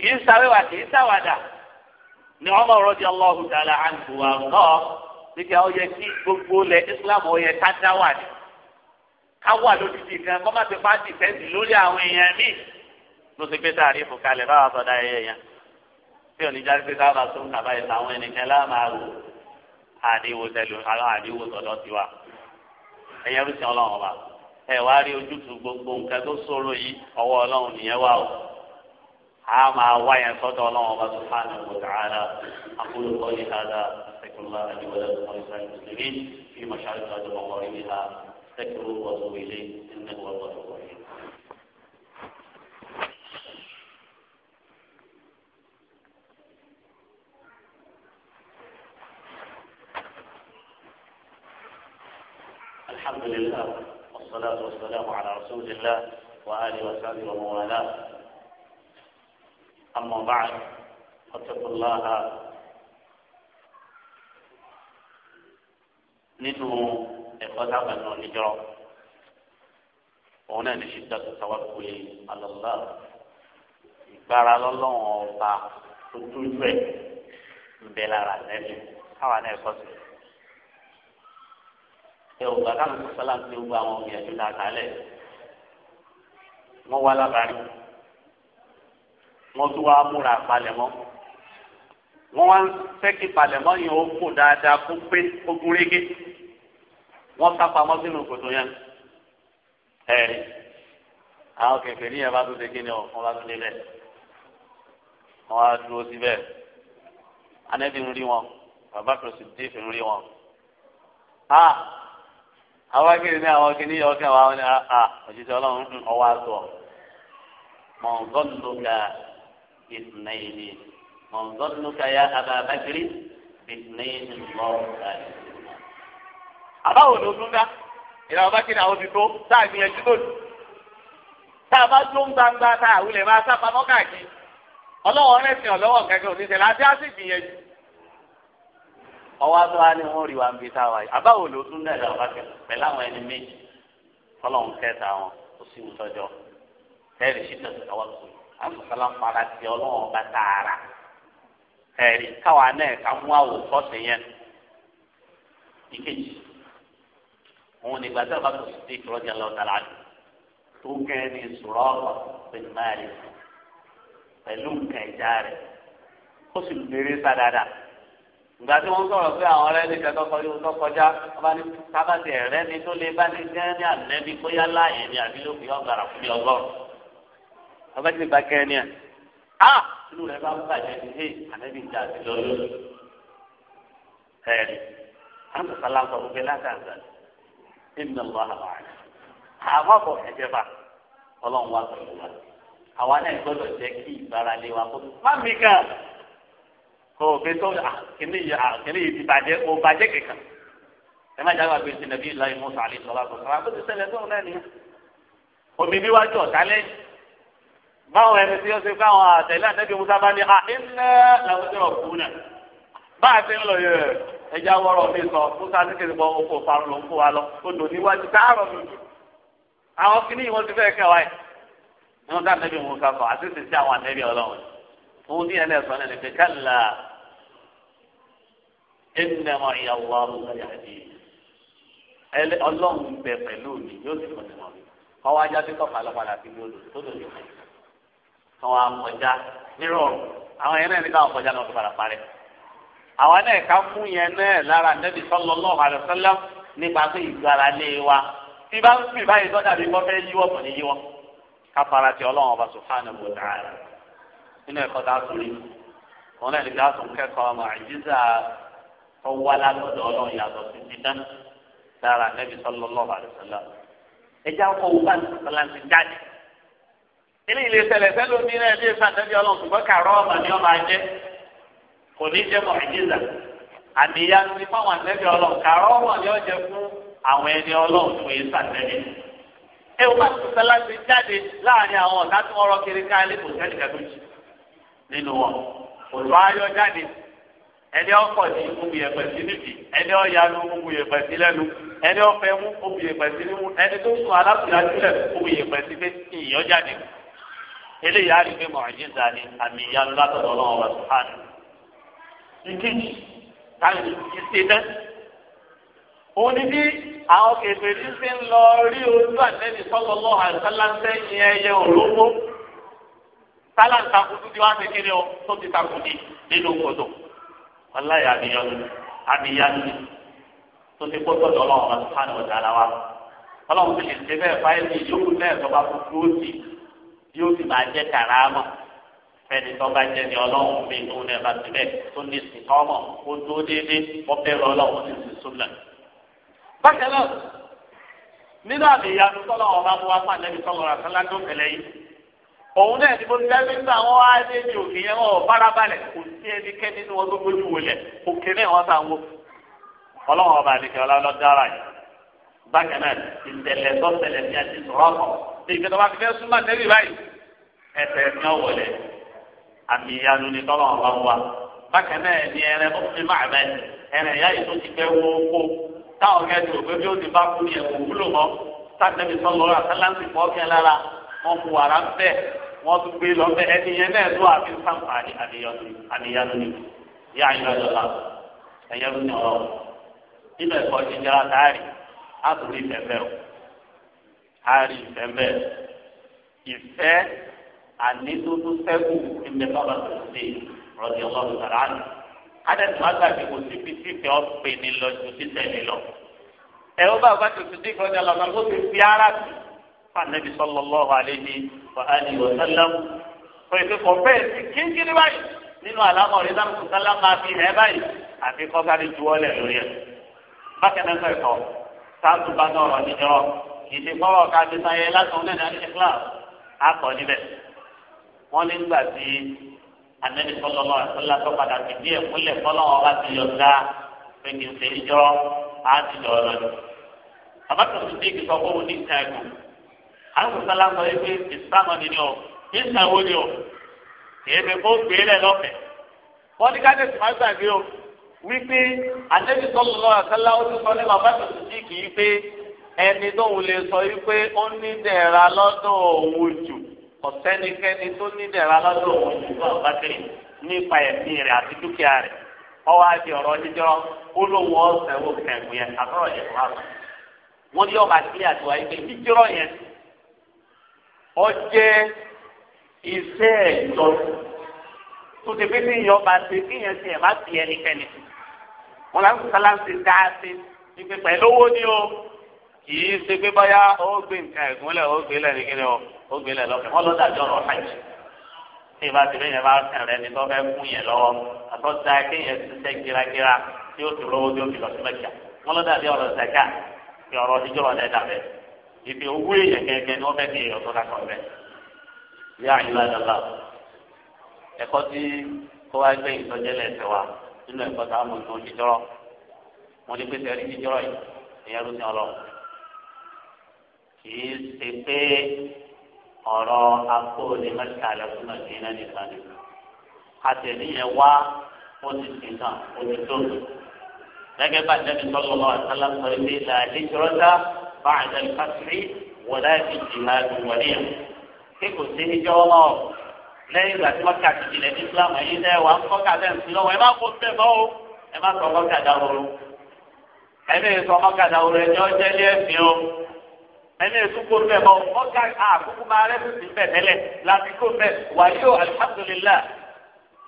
kì í sáwéwà kì í sáwàdà ni ọmọ rọdí ọlọ́hùn tààlà àǹtùwà ńkọ́ níbi àwọn yẹ kí gbogbo lẹ islam ọ̀yẹ ká dá wà ní ká wà lójijì kan kọ́ má ti bá dìfẹ́ǹsì lórí àwọn èèyàn míì ló ti gbé sáré fún kalẹ̀ báwa sọ̀dá ẹ̀yẹ yẹn tí ò ní jáde pé káwa tó ń kàbá ìta àwọn ẹnìkan láàmáà wò àdéhùn tẹ̀lé àwọn àdéhùn tọ̀dọ̀ tiwa ẹ̀yẹ rúṣin ọlọ́run ọba ẹ̀ wá rí ojútùú gbogbo nǹkan tó ṣòro yìí ọwọ́ ọlọ́run nìyẹn wà o. عام وعي صوت الله سبحانه وتعالى أقول قولي هذا أستغفر الله لي ولكم ولسائر المسلمين في مشارق الأرض ومغاربها استغفروه وأتوب إليه إنه هو الغفور الرحيم الحمد لله والصلاة والسلام على رسول الله وآله وصحبه ومن والاه أما بعد فاتقوا الله nínú ẹ̀kọ́ táwọn ẹ̀nà oníjọ́ òun náà ní ṣíṣe àtàwákùlé alọ́lá ìgbára lọ́lọ́wọ́n ọba tó tójú ẹ̀ ń bẹ lára lẹ́nu káwọn náà ẹ̀kọ́ sí. ẹ ò gbà káwọn sọ́lá ń ti gbogbo àwọn òbí ẹ̀dùn náà kálẹ̀ wọ́n wá lábàárín wọ́n tún wá múra palẹ̀mọ́ wọ́n wá ń fẹ́kì palẹ̀mọ́ yẹn ó kò dáadáa kó pé kó gún régé wọ́n sápamọ́ sínú kòtò yẹn ẹ̀ àwọn kẹ̀kẹ́ ní yẹn bá tún ṣe kí ni ọ̀ wọ́n bá tún débẹ̀ wọ́n wá dúró síbẹ̀ anẹ́bí ń rí wọn bàbá tó sì dé fi ń rí wọn. àwọn akéde ní àwọn kìíní yọ ọkẹ́ wa ọ̀jíṣẹ́ ọlọ́run ọwọ́ àtọ̀ mọ̀ ń gbọ́dọ̀ lóga. باثنين من ظنك يا أبا بكر باثنين الله تعالى àbáwo ló tún dá ìlànà bá kí ni àwọn ti tó tá a gbìyànjú tó lù tá a bá tó ń gbangba tá a wulẹ̀ máa sá pamọ́ káàkiri ọlọ́wọ́ rẹ̀sìn ọlọ́wọ́ kẹ́kẹ́ òṣìṣẹ́ láti á sì gbìyànjú. ọwọ́ àti wa ni wọ́n rí wa ń bi tá a wáyé àbáwo ló tún dá ìlànà bá pẹ̀lú àwọn ẹni méjì ọlọ́run kẹta wọn kò sí ìwúsọ́jọ́ tẹ́rì sí tẹ̀sán àwọn tó yẹ àmọ̀sálà ń fara ti ọlọ́run bá tààrà ẹ̀rí káwa náà ká mú àwò sọ́ọ̀sì yẹn ìkejì òun ni gbàtẹ́ ọba tó ti kúrọ́ jẹ́ lọ́ta láti tó kẹ́ ní sọ̀rọ̀ ọ̀rọ̀ pẹ̀lú máa rí pẹ̀lú nǹkan ìjà rẹ̀ ó sì lérí sá dáadáa ìgbà tí wọ́n sọ̀rọ̀ pé àwọn ọ̀rẹ́ nìkan tọkọ yóò tọkọjá ọba ní sábàtì ẹ̀rẹ́ ni tó lé bá ní gán ní àlẹ́bí bóyá láàyè ni àbí ló fi ọ̀gàrà fún mi ọgọ́rùn-ún ọba ti gba kẹrin yẹn a inú rẹ bá bàjẹ́ ní hey anabi ìjà àti lọ́yọ́ ẹ̀rí àwọn sàlá sọ fún mi látàgbà nínú ọlọ́ àwọn àná àwọn àbọ̀ ẹ̀jẹ̀ bá ọlọ́run wà pẹ̀lú wa àwa náà gbọ́dọ̀ jẹ́ kí ìgbáralé wa kó má mi kàn kò fi tó kìnìún yìí ti bàjẹ́ o bàjẹ́ kankan ẹ má jáwé àgbèsè nàbí ìlà ìmúṣà àlè báwọn ẹni tí ó ṣe káwọn àtẹlẹ àtẹbí musa bá ní à iná làwọn tí wọn kú náà bá a ti ń lọ yẹ ẹja wọrọ mi sọ musa ní kiri bọ oko farun ló ń kó wa lọ ó lò níwájú káàrọ mi jù àwọn kìíní wọn ti fẹ́ kẹwa ẹ ní wọn ká àtẹbí musa sọ àti sì sí àwọn àtẹbí Ọlọ́run òun ní ẹlẹ sọ ẹni kálá ẹnìyàn mọ Ọlọ́run bẹ kan wà kọjá nírọ̀rùn àwọn yẹn náà ní káwọn kọjá náà tó padà parẹ́ àwọn náà ká fún yẹn náà lára nẹ́bí sallallahu alaihi wasallam nípa pé ìgbára lé wa tí bá ń fi báyìí tọ́jà bí wọ́n fẹ́ yíwọ́ kò ní yíwọ́ ká fara ti ọlọ́run ọba subhanahu wa ta'ala nínú ẹ̀kọ́ tá a sùn rí wọn náà lè ká sùn kẹ́kọ̀ọ́ ọmọ àjíṣà tó wá látọ̀dọ̀ ọlọ́run yàtọ̀ sí ti dán lára nẹ́bí sallallahu alaihi wasallam ẹjẹ́ àkọ́wọ́ bá ilé ilé ṣẹlẹ̀ sẹlẹ omi náà ẹbí ẹfẹ àtẹbí Ọlọ́run ṣùgbọ́n kàrọ ọmọ ni ọmọ ajẹ kò ní jẹ mọ ìjìnlá àdìyá fáwọn àtẹbí Ọlọ́run kàrọ ọmọ ni ọjẹ fún àwọn ẹni fún ẹ wọ́n jáde láàrin àwọn ọ̀tá tí wọ́n rọ kiri ká nínú wọn ayọ jáde ẹni ọkọ ní gbogbo níbi ẹni ẹni mú eléyìí á rí pé mọ̀ọ́jísà ni àmì ìyanu látọ̀dọ̀ ọlọ́run wa sùhánù. ìkejì táyì ìṣe náà òun ni bí àwọn kèfèrí ṣe ń lọ rí ojú àtẹ́ni sọ́kọ̀ lọ́wọ́ àtàlántẹ́ yẹn ẹyẹ òrógbó tálàǹtakùn dúdú wá sí kiri ọ tó ti takùn ní nínú kòtò wàláyé àmìyanu àmìyanu tó ti kó sọ́dọ̀ ọlọ́run wa sùhánù ọ̀dà yóò sì máa jẹ́ kàràmọ̀ fẹ́ni tó bá jẹ́ ni ọlọ́run mi tó ní ẹ̀fà síbẹ̀ tó ní sìkọ́mọ̀ ó tó déédé wọ́n bẹ̀rẹ̀ ọlọ́run sì sì súnlẹ̀. bákan náà nínú àmì ìyanu tọ́lọ̀ ọba mú wa fún àlẹ́bí tọ́lọ̀ rà sálá tó kẹlẹ́ yìí òun náà ni mo ti dábí nígbà wọn òkè yẹn wọn ò farabalẹ̀ kò sí ẹnikẹ́ni ní wọn tó gbójú wọlẹ̀ òkè náà wọn sàn wọ ọlọ́run ọba àdìkẹ́ ọlá lọ́dára yìí bákan náà ìtẹ̀lẹ̀ tó tẹ̀lẹ̀ bí a ti sọ̀rọ̀ kọ̀ bí ìgbẹ́ tó bá fẹ́ súnmọ́ tẹ́lẹ̀ báyìí ẹsẹ̀ ní ọ̀wọ̀lẹ̀ àmì ìyanu ni tọ́lọ̀ ọ̀la wa bákan náà ni ẹrẹ ó fi máa bẹ ẹrẹ ìyá yìí tó ti fẹ́ wó kó táwọn kẹ́ ti òpé bí ó ti bá kú ni ẹ̀kọ́ wúlò mọ́ sátẹ́bi sọ́lọ́ àtàlántì pọ̀ lára wọn kú wàrà ń bẹ̀ wọn tún gbé lọ bẹ ẹni yẹn náà tó àfi sàǹfààní àmìyanu ni yá ìyọ̀dọ̀la ẹ̀yẹ́rú ni ọ̀rọ̀ nínú ẹ̀kọ́ jíjẹrà táàrí a tún rí fẹ́fẹ́ o a rí fẹ́fẹ́ ìfẹ́ ànídúdú sẹ́kù ìmẹ́fàbà tó ṣe rọ̀dì ọlọ́run sàrà nù. adẹ́tù agbàgbé kò sí fi sífẹ́ ọ̀pẹ ní lọ ju títẹ̀ ní lọ. ẹ ó bá bàtò tó dé ìfọ̀jà lọ́nà tó fi fi ara tù fànẹ́bí sallallahu alaihi wa alihi wa sallam. kò ètò kò bẹ́ẹ̀ sí kíńkíní báyìí nínú àlámọ̀ rẹ̀ dáhùn sálá máa fi báyìí àfi juwọ́lẹ̀ lórí ẹ̀. bákẹ́ náà sọ̀rọ̀ sáàtù bá dọ̀rọ̀ níjọ́ ìdìbọ̀wọ̀ káfí sáyẹ látọ̀ nínú ẹni islam akọ̀ níbẹ̀. wọ́n ní gbà tí anẹ́ni fọlọ́lọ́ ẹ̀fọ́lá tó padà fi díẹ̀ múlẹ̀ fọlọ́wọ́ bá ti yọ ká pé kì í ṣe ìjọ́ á ti lọ lọ ni. àbátọ̀ sí bí kì sọ pé ní ìta àwọn sọlá sọ yìí pé islam ni ni ọ ìsàwọ́ ni ọ èèmẹ̀ kó gbé lẹ̀ lọ́fẹ̀ẹ́. wọ́n wípé àdébí sọ́kùn náà sẹ́lá ó ti sọ ní bàbá tó ti kì í pé ẹni tóun lè sọ wípé ó ní dẹ̀ra lọ́dọ̀ òun jù ọ̀sẹ́nikẹ́ni tó ní dẹ̀ra lọ́dọ̀ òun jù fún àbátẹ́rì nípa ẹ̀mí rẹ̀ àti dúkìá rẹ̀ ọwọ́ àti ọ̀rọ̀ jíjọ́ ó lóun ọ̀sẹ̀ wò kẹ̀gùn yẹn àtọ́rọ̀ yẹn wà lọ. wọ́n ní ọba sílẹ̀ àtiwá yìí pé jíjọ́ yẹn ọ jẹ́ iṣẹ́ ẹ̀jọ́ tó ti fi ní ìyọba ṣe kí yẹn ti ẹ̀ má ti ẹnikẹ́ni sí wọn làwọn sọlá ṣe dá sí ipe pẹ̀lú owó ni o kì í ṣe pé báyà ó gbé nǹkan ẹ̀gúnlẹ̀ ó gbé lẹ̀ nìkíni o ó gbé lẹ̀ lọ́fẹ̀ẹ́ wọn ló dàjọ́ ọ̀rọ̀ hajj tí ìbá ti bẹ́yẹn bá kàn rẹ ni tó fẹ́ kún yẹn lọ́wọ́ àtọ́ta kéèyàn ṣiṣẹ́ kírakíra tí ó tòrò ojú òfin lọ sí mẹ́kà wọn ló dàbí ọ̀rọ̀ zaka kí ọ̀rọ̀ ìjọ ọ̀dẹ dàbẹ̀ ibi owó èèyàn gẹ́gẹ́ ni wọ́n fẹ́ kí èèyàn tó dákọ̀ rẹ̀ yá ìlú àdàlà nínú ẹ̀kọ́ tá a mọ̀ tó jíjọ́rọ̀ mo ní pèsè ẹ̀rí jíjọ́rọ̀ yìí ìyẹn ló ti ọlọ́ kì í ṣe pé ọ̀rọ̀ akóni mẹ́ta lẹ́kùn náà kì í náà nìkan ni àtẹ̀níyẹn wá ó ti sìn náà ó ti tó gẹ́gẹ́ bá jẹ́bi sọ́kọ̀ lọ́wọ́ àtàlà sọ ilé ìlà ìjọ́rọ́dá bá àjẹ́ ìfásitì wọ̀dá ìfìjì máa dùn wọ̀níyàn kí kò sí ìjọ́wọ́ náà lẹ́yìn ìgbà tí wọ́n kà sí ilẹ̀ ní islam ẹ̀yin náà wà ń kọ́kà bẹ́ẹ̀ sí lọ́wọ́ ẹ má kó bẹ́ẹ̀ bọ́ o ẹ má sọ kọ́kà dàwọ̀rọ̀ ẹni èso kọ́kà dàwọ̀rọ̀ ẹjọ́ jẹ́ ní ẹ̀sìn o ẹni èso kó bẹ́ẹ̀ bọ́ kọ́kà àkókò máa rẹ́ sì bẹ́ẹ̀ tẹ́lẹ̀ láti kó bẹ́ẹ̀ wàyí o alihamudulilá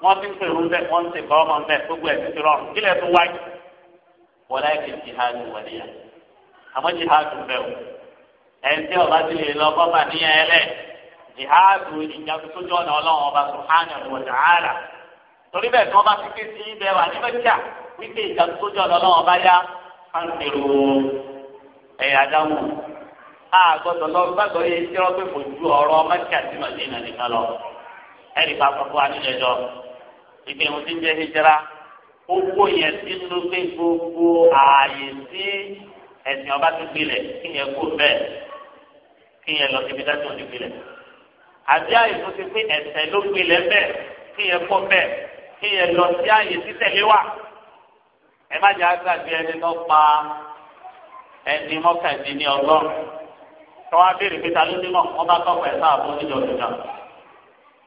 wọ́n ti ń pè wọ́n bẹ́ẹ̀ wọ́n ti bọ́ ọmọ bẹ́ẹ̀ gbogbo ẹ̀ ti rọrùn kílẹ̀ tó wáyé wọlé kì í jihadu wàlíyà àmọ́ jihadu bẹ́ẹ̀ o ẹ̀ ń tẹ́ ọ jihadu ìjàgbésójú bụ ọlọ́run ọba subhanahu torí bẹ́ẹ̀ tí wọ́n bá sí ibẹ̀ wà ní mẹ́tíà wípé ọlọ́run ọba yá kánṣẹ́rù ẹ̀yà dáhùn àgọ́dọ̀ lọ gbàgbọ́ yẹ kí wọ́n pè fojú ọ̀rọ̀ mẹ́tíà sí màdínà nìkan lọ ẹ̀rì bá fọ́ fún wa nílẹ̀ jọ ìgbẹ́ ohun ń hijira owó yẹn ti ń lo pé gbogbo ààyè ọba ti gbilẹ̀ kí yẹn kó bẹ́ẹ̀ kí yẹn lọ síbi dájú ọ̀dí àbí àyè tó ti pé ẹ̀sẹ̀ ló gbilẹ̀ bẹ́ẹ̀ kí yẹn kọ́ bẹ́ẹ̀ kí yẹn lọ sí àyè títẹ̀lé wà. ẹ má jẹ́ àgbàgbé ẹni tó pa ẹni mọ́kàndínní ọgọ́rùn-ún tọ́wọ́ abéèrè pé ta ló ní mọ̀ wọ́n bá kọ́kọ́ ẹ̀ sáà fún níjọ́ ìjọba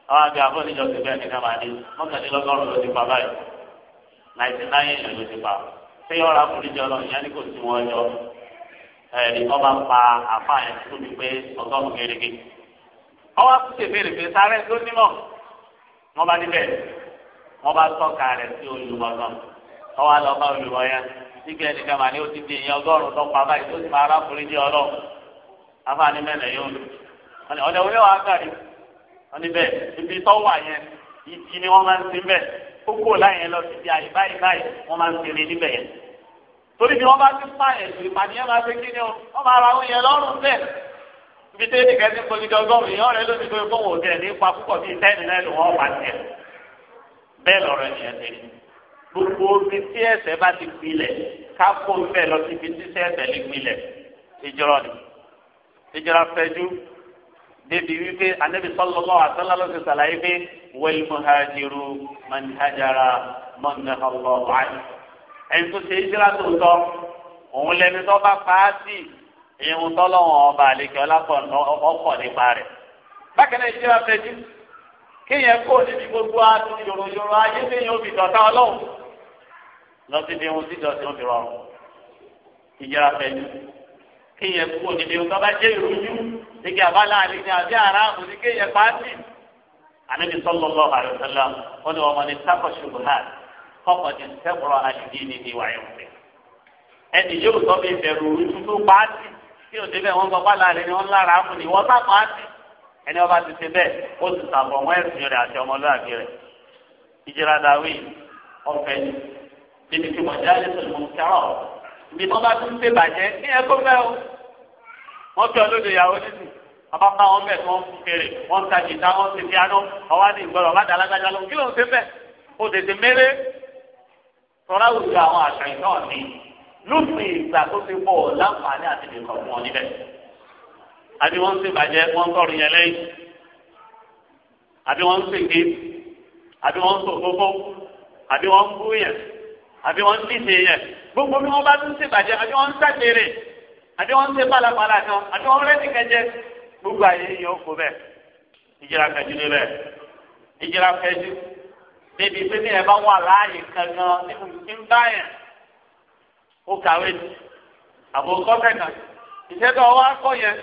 àwọn àgbẹ̀ àbọ̀ níjọ́ ìjọba ẹ̀ nìkan máa ní ló ti pa báyìí náìtì náírà èèyàn ló ti pa ṣé ọ̀rọ̀ àforíjì ọlọ́run yẹn ni kò sí wọn yọ ẹ̀ẹ́dì wọ́n bá pa àfáà yẹn tó ti pé ọgọ́rùn-ún gẹ́gẹ́ ọwọ́ àtúnṣe béèrè pé sáré tó nímọ̀ wọ́n bá níbẹ̀ wọ́n bá tọ́ka rẹ̀ sí olùmọ̀ náà ọwọ́ àlọ́ bá olùmọ̀ yẹn sígbẹ́ nìkan mà ní ó ti di ìyẹn ọgọ́rùn-ún tó pa báyìí tó sì máa arákùnrin jẹ́ ọlọ́ afáàní mẹ́lẹ̀ yóò lò ọ̀dẹ̀ wọlé wàá kàrí wọ́n níbẹ̀ ibi tó wà yẹn ìdí ni wọ́n máa ń sin bẹ́ẹ̀ kókó láyé lọ sí ti àyè báyìí báyìí wọ́n máa ń sin níbẹ̀ yẹn torí bí wọ́n bá ti pààyàn ìpàdé yẹn máa fi kí ni o wọ́n máa ra oúnjẹ lọ́rùn bẹ́ẹ̀ ibi tí ẹnìkan ti ń kojú jọ ọgọ́rùn yìí ọ̀rẹ́ lónìí tó fọwọ́ òtẹ ní ipa púpọ̀ bíi tẹ́ẹ̀nì náà ló wọ́n wà tiẹ̀ bẹ́ẹ̀ lọ́rọ̀ ẹ̀yẹ ti rí gbogbo ibi tí ẹsẹ̀ bá ti gbilẹ̀ ká kó fẹ́ lọ sí ibi tí ẹsẹ̀ lè gbilẹ̀ ìjọra ni ìjọra fẹ́jú débi wípé anabi sallallahu àtàlà ló ti sàlàyé pé wal muhajiru man hajara man nahallahu tó ṣe ìjọra tó tọ òun lẹni tó bá pa á sí ìhun tọ́lọ́wọ́n ọba àlekè ọlápọ̀ ọkọ̀ nípa rẹ̀. bákan náà ìṣe wa fẹ́ jí kéèyàn kó níbi gbogbo àti yòròyòrò ayé téèyàn ò fi dọ̀tá ọlọ́run lọ sí ibi ohun tí ìjọsìn ò fi rọrùn. ìjọra fẹ́ jí kéèyàn kó níbi ohun tó bá jẹ́ ìrújú nígbà abala àlekè àbí ara òní kéèyàn pàṣẹ. ànábi sọlọ lọ àrùsọlá ó ní ọmọ ní sákọ ṣubúhà kọkọ ti sẹkọrọ àdìdí ní tí o débẹ̀ wọ́n gbọ́pá láàrin ni wọ́n lára á fún ni wọ́n sábà á ti ẹni ọba ti ṣe bẹ́ẹ̀ ó ti sàbọ̀ wọ́n ẹ̀sìn rẹ̀ àti ọmọlúwàbí rẹ̀ ìjìra dàwí ọ̀fẹ́ ni níbi tí wọ́n jáde tó lùmọ̀ kẹ́rọ̀ níbi tí wọ́n bá tún ṣe bàjẹ́ ní ẹ̀kọ́ bẹ́ẹ̀ o wọ́n fi ọlọ́dọ̀ ìyàwó nínú ọba bá wọn bẹ̀ tí wọ́n fún kéré wọ́n ta jìtá wọ́n ti fi aná ọwá ní ìgbọ́dọ̀ ọba dàlágbájá lọ kí ló ń ṣe bẹ́ẹ̀ o tètè méré tọ́lá òjò àwọn àṣà ìtọ́ ọ̀sìn lópin ìgbà tó ti pọ̀ láǹfààní àti ìdìkọ̀ fún ọ níbẹ̀. àbí wọ́n ń ṣe bàjẹ́ wọ́n ń tọrọ yẹn lẹ́yìn àbí wọ́n ń ṣe ké àbí wọ́n ń sọ gbogbo àbí wọ́n ń bú yẹn àbí wọ́n ń dìde yẹn gbogbo bí wọ́n bá tún ṣe bàjẹ́ àbí wọ́n ń ṣàgbére àbí wọ́n ń ṣe pálapàla kan àbí wọ́n rẹ́ni kẹjẹ gbogbo àyè yóò kó bẹ́ẹ̀ ìjìlá kẹjú ni bẹ́ẹ̀ ìjìlá kẹjú débi pé ní ẹ bá wà láàyè kankan nínú ìgbà yẹn ó kàwé ni àbò kọ́fẹ́ kan ìṣe tó wá kọ́ yẹn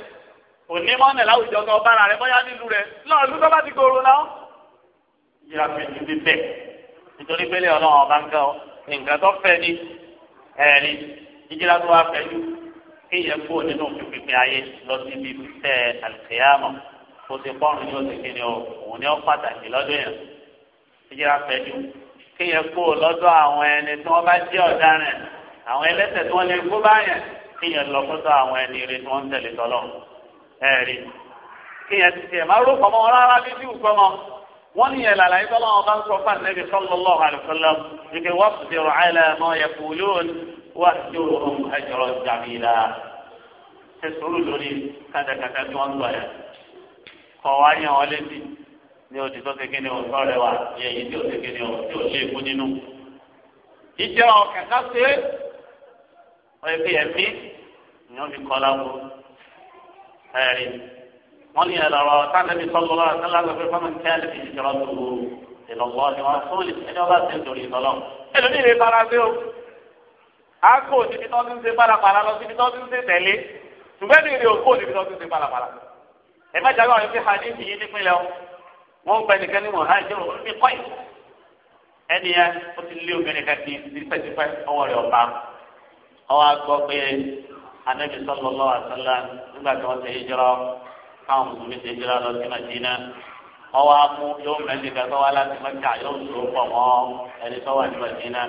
onímọ̀nà láwùjọ tó bára rẹ bóyá nílùú rẹ lọ́ọ̀ lú bá ti gbòòrò náà yíra fi ti fi bẹ́ẹ̀ nítorí pé lẹ́yìn ọba ń gá ọ nǹkan tó fẹ́ ni ẹ̀rí jíjíra tó wá fẹ́ ju kéèyàn kó nínú pínpín ayé lọ sí ibi fẹ́ àlùkìyàmọ̀ kó ti pọ́nrún ní oṣù kìíní òun ni ó pàtàkì lọ́dún yẹn jíjíra fẹ́ ju kéèyàn kó lọ́dọ̀ àwọn ẹni tí wọ́n bá jẹ́ ọ̀daràn àwọn ẹlẹ́ṣẹ̀ tí wọ́n lè kó báyẹn kéèyàn lọ fún àwọn ẹni rẹ tí wọ́n ń tẹ̀lé tọ́lọ́ ẹ̀rí kéèyàn ti tiẹ̀ máa ró pọ̀mọ́ rárá bí bí òkú ọmọ wọ́n ní yẹn làlàyé tọ́lọ́ wọn bá ń sọ fún àtẹ́bí sallallahu alaihi wasallam wípé wọ́n ti ṣe sùúrù lórí kàtàkàtà tí wọ́n ní o ti tó ṣe kíni o tọ́ rẹ wa ní èyí tí o ṣe kíni o tí o ṣe ikú nínú. ìjẹ́ ọ̀kẹ́ ṣe é wọ́n yẹ pé ẹ̀mí ni wọ́n fi kọ́ láwọ́ ẹ̀rí wọ́n ní ẹ̀rọ sáńdẹ̀bí sọ́kọ́lá sáńdẹ̀bí fọ́nmọ́n kẹ́lẹ́ fi jìjọ́ lọ́wọ́ ìlọ́wọ́ ni wọ́n fún ẹni ọba ti ń torí ìtọ́lọ́ ẹlòmí rè fara sí o àákò níbi tó ti ń ṣe pálapàla lọ síbi tó ti ń ṣe tẹ̀lé ṣùgbọ́n ní ìrè òkò níbi tó ti ń ṣe pálapàla ẹ má jágbá wọn fi hadith yìí nípìnlẹ̀ o wọ́n ń pẹ́ nìkan ní mohamed ní kọ́ì ẹni yẹn ó ti lé obìnrin kan kí ní pẹ́ẹ́tipẹ́ ọwọ́ rẹ̀ ọba ọwọ́ agbọ́ pé anabi sallallahu alaihi wasallam nígbà tí wọ́n ti hijira káwọn mùsùlùmí ti hijira lọ sí madina ọwọ́ amú yóò mẹ́lẹ̀ kẹtọ́ wá láti mẹ́ta yóò tó pọ̀ mọ́ ẹni tó wà ní madina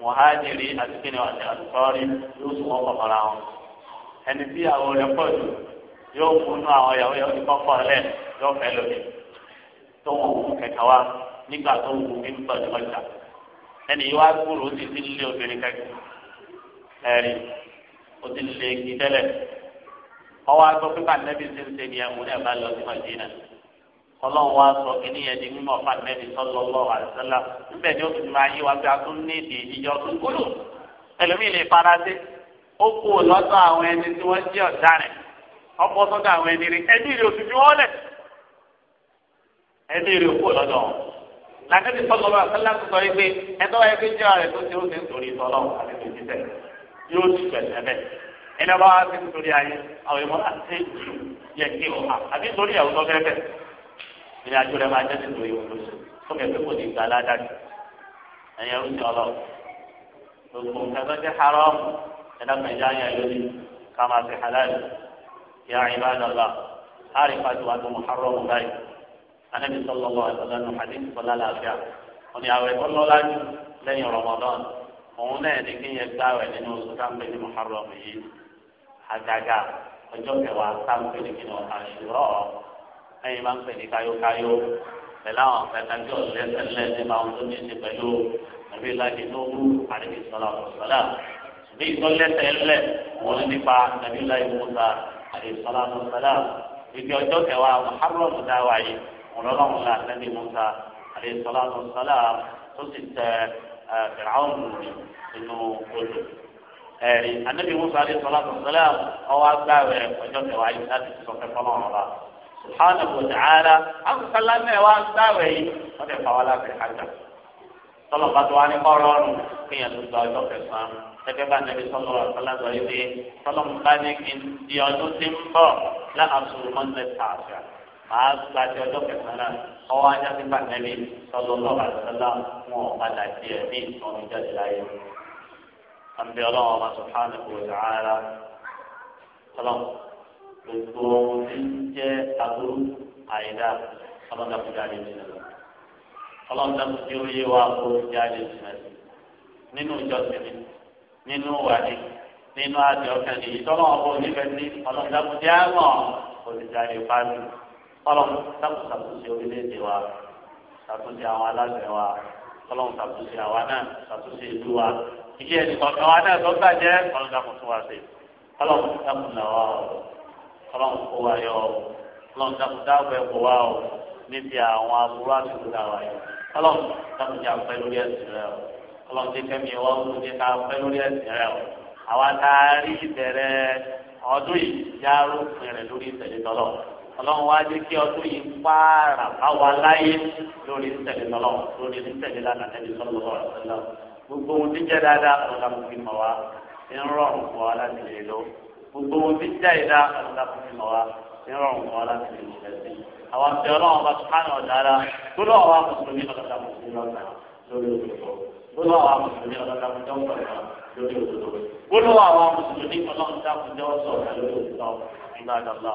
muhajiri àti kíni àti àtúntọ́rí yóò tó wọ́n pọ̀ mọ́ra wọn ẹni tí àwọn rẹ̀ pọ̀ jù yóò múnú àwọn ìyàwó yóò ti kọ́kọ́ lẹ̀ yóò fẹ́ lómi tó wọ́n kú kẹta wá nígbà tó wù mí ń bọ̀ ẹni yóò wá gbúròó ti lé obìnrin kẹ́kẹ́ ẹ̀rí o ti lè kí tẹ́lẹ̀ ọwọ́ agbọ́ pípa nẹ́bí ti ń ṣe ni ẹ̀mú ẹ̀ bá lọ sí Madina ọlọ́run wa sọ kìíní yẹn di mímọ̀ fún anẹ́bí sọ́lọ́ lọ́wọ́ àdìsọ́lá níbẹ̀ ni ó ti máa yí wa pé a tún ní èdè ìjọ tó kúrò ẹlòmíì lè faransé ó kú lọ́sọ̀ àwọn ẹni tí wọ́n jẹ́ ọ̀daràn ọ̀pọ̀ sọ́dọ̀ àwọn ẹni rí ẹni rí oṣù tí wọ́n lẹ̀ ẹni rí òkú lọ́dọ̀ làkẹ́ni sọ́lọ́ lọ́wọ́ àdìsọ́lá ti sọ yìí pé ẹ̀tọ́ ẹgbẹ́ jẹ́ ọ̀rẹ́ tó ti ó ti ń torí sọ́lọ́ àdìsọ́lá yóò ti pẹ̀lẹ́ bẹ́ẹ̀ ẹni bá wá sí nítorí ayé àwọn ìmọ̀ àti yẹ kí o hà àbí nítorí ìyàwó tó fẹ́ẹ́ bẹ́ẹ̀ ìrìn àjò rẹ̀ máa jẹ́ nítorí òun lóṣù tó kẹ̀ pé kò ní gbà ládájú ẹ̀yẹ ń sọ lọ gbogbo nǹkan tó jẹ́ haram ẹ̀dá kan ìyá yẹn lórí ká máa fi halal yà ibadallah àrífà tó wà tó muharram báyìí anábì sallallahu alaihi wasallam hadith sọlá làáfíà òní àwẹ̀ tó lọ́lá lẹ́yìn Ramadan òun náà ní kéèyàn gbáwẹ̀ nínú oṣù táǹpé ní muharram yìí àgàgà ọjọ́ kẹwàá táǹpé ní kí ni wọn àṣùrọ ẹ̀yin máa ń pè ní káyókáyó pẹ̀lú àwọn pẹtàkì ọlẹsẹlẹ nípa ohun tó ní ṣe pẹ̀lú nàbí láti lóhùn àdébí sọlá ọsọlá bí ìtọ́lẹ́sẹ̀lẹ̀ wọn nípa nàbí láti mọ́ta àdébí sọlá ọsọlá ibi ọjọ́ kẹwàá muharram dáwà yìí wọn lọ́wọ́ ńlá nàbí mọ́ta fìràwọn mùsùlùmí inú odò ẹ̀rí anabi musa alayhi salatu salam ọwọ́ agbáwé ọjọ́ kẹwàá yìí láti sọ fẹ́ fọlọ́ ọ̀la subhana wa ta'ala akusala mẹ́wàá agbáwé yìí wọ́n ti fa wàlá fi hajj tọ́lọ̀ bá tó wá ní kọ́ rọrùn kéèyàn tó gba ọjọ́ kẹsàn-án gẹ́gẹ́ bá nàbí sọ́lọ́ ọ̀sọ́lá sọ yìí pé tọ́lọ̀ ń bá ní kí n di ọdún tí ń bọ̀ láàásù mọ́tẹ́ tààfẹ́ màá gbàdé ọjọ́ kẹsàn-án náà ọwọ́ ajá sí pàtẹ́lì sọ́dọ̀ lọ́wọ́ àtọ́lá wọn padà sí ẹ̀ ní ìtọ́ni jáde láyé. àǹbẹ̀ ọlọ́run ọba sọ̀hánù kò sàárà ọlọ́run gbogbo ohun tí ń jẹ́ aburú àìdá ọlọ́run dàpọ̀ jáde jìnnà lọ. ọlọ́run dàpọ̀ tí ó yé wa kó jáde jìnnà sí. nínú ìjọsìn ni nínú wàdí nínú àti ọ̀kẹ́ nìyí tọ́lọ́run ọba onífẹ́ sí ọlọ́run dàpọ̀ jáde mọ́ ọlọ́run sábò ṣàtúnṣe orílẹ̀-èdè wa ṣàtúnṣe àwọn aláṣẹ wa ọlọ́run ṣàtúnṣe àwa náà ṣàtúnṣe ìlú wa ìṣe ẹnìkọ̀ọ̀kan wa náà tó gbàjẹ́ ọlọ́run dàpọ̀ tó wá sí ọlọ́run sábò là wá o ọlọ́run kó wa yọ o ọlọ́run sábò dáàbò ẹ̀kọ́ wa o níbi àwọn aburú àtúntò náà wa yọ ọlọ́run sábò jẹ́ àpẹ́ lórí ẹ̀sìn rẹ o ọlọ́run ti kẹ́mi wá o jẹ́ ká àpẹ́ lórí ẹ̀sìn rẹ o àwa tá a rí ìbẹ̀rẹ̀ ọdún yìí yá ọlọ́run wá dé kí ọdún yìí pààrà báwa láyé lórí tẹ̀lé lọ́lọ́run lórí tẹ̀lé lánàá tẹ̀lé sọ́lọ́lọ́ ọ̀sẹ̀lá gbogbo ohun tí jẹ́ dáadáa ọ̀la kò fi mọ̀ wá ń rọrùn fún wa láti lè lọ gbogbo ohun tí jẹ́ ìdá ọ̀la kò fi mọ̀ wá ń rọrùn fún wa láti lè lọ sí àwọn àti ọlọ́run bá sùpánù ọ̀dára gbọ́dọ̀ wà mùsùlùmí ọ̀dọ́dá mùsùlùmí ọ̀dá lórí òṣèlú gbọ́dọ̀ wà mùsùlùmí ọ̀dọ́dá mùsùlùmí ọ̀dá lórí òṣèlú gbọ́dọ̀ wà mùsùlùmí ọ̀dọ́dá mùsùlùmí ọ̀dá lórí òṣèlú ìgbà àdàlá.